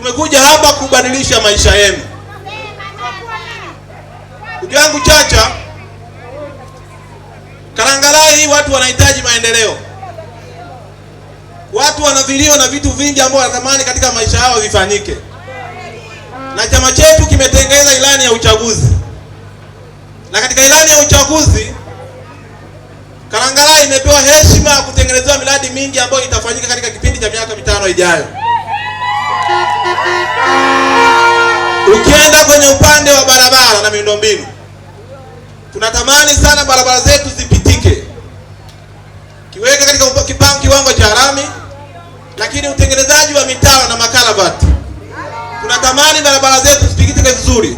Tumekuja hapa kubadilisha maisha yenu. Ndugu yangu Chacha, Karangalai hii watu wanahitaji maendeleo. Watu wanavilio na vitu vingi ambao wanatamani katika maisha yao vifanyike, na chama chetu kimetengeneza ilani ya uchaguzi, na katika ilani ya uchaguzi Karangalai imepewa heshima ya kutengenezewa miradi mingi ambayo itafanyika katika kipindi cha miaka mitano ijayo. Ukienda kwenye upande wa barabara na miundombinu, tunatamani sana barabara zetu zipitike, kiweke katika kiwango cha lami, lakini utengenezaji wa mitaro na makaravati, tunatamani barabara zetu zipitike vizuri,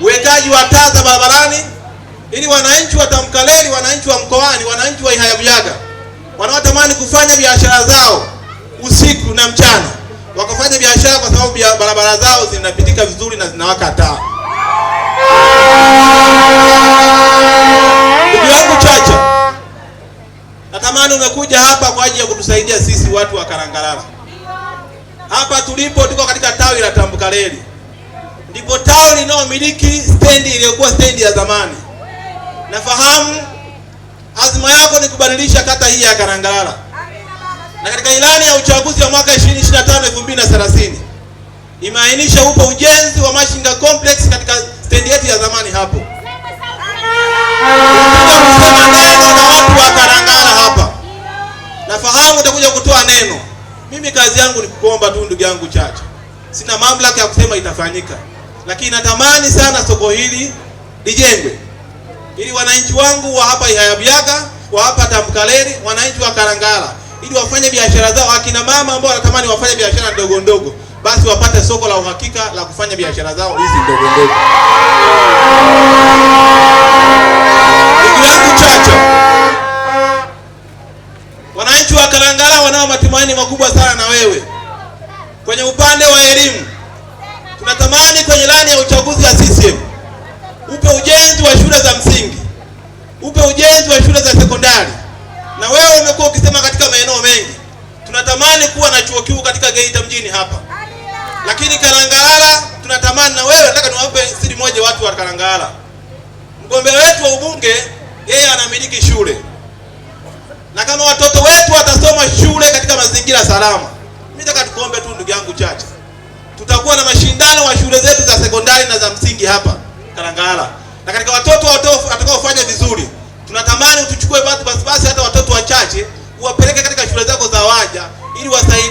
uwekaji wa taa za barabarani ili wananchi wa Tamkaleli, wananchi wa Mkoani, wananchi wa Ihayabuyaga wanaotamani kufanya biashara zao usiku na mchana wakafanya biashara kwa sababu barabara zao zinapitika vizuri na zinawaka taa. Ndugu yangu Chacha, natamani umekuja hapa kwa ajili ya kutusaidia sisi watu wa karangalala Hapa tulipo tuko katika tawi la Tambukareli, ndipo tawi linalomiliki stendi iliyokuwa stendi ya zamani. Nafahamu azma yako ni kubadilisha kata hii ya karangalala na katika ilani ya uchaguzi wa mwaka 2025 2030 imeainisha upo ujenzi wa Machinga Complex katika stendi yetu ya zamani hapo Nafahamu utakuja kutoa neno. Mimi kazi yangu ni kukuomba tu ndugu yangu Chacha, sina mamlaka ya kusema itafanyika, lakini natamani sana soko hili lijengwe ili wananchi wangu wa hapa Ihayabyaka, wa hapa Tambukareli, wananchi wa Karangala ili wafanye biashara zao. Akina mama ambao wanatamani wafanye biashara ndogo ndogo, basi wapate soko la uhakika la kufanya biashara zao hizi ndogo ndogo. wananchi wa Kalangala wanao matumaini makubwa sana na wewe kwenye upande wa elimu. Tunatamani kwenye ilani ya uchaguzi ya CCM upe ujenzi wa shule za msingi, upe ujenzi wa shule za sekondari, na wewe umekuwa ukisema tunatamani kuwa na chuo kikuu katika Geita mjini hapa, lakini Kalangalala tunatamani na wewe. Nataka niwape siri moja watu wa Kalangalala, mgombea wetu wa ubunge yeye anamiliki shule, na kama watoto wetu watasoma shule katika mazingira salama, mimi nataka tukuombe tu ndugu yangu Chacha, tutakuwa na mashindano wa shule zetu za sekondari na za msingi hapa Kalangalala, na katika watoto watakaofanya vizuri tunatamani utuchukue basi basi hata watoto wachache ili wasaidie.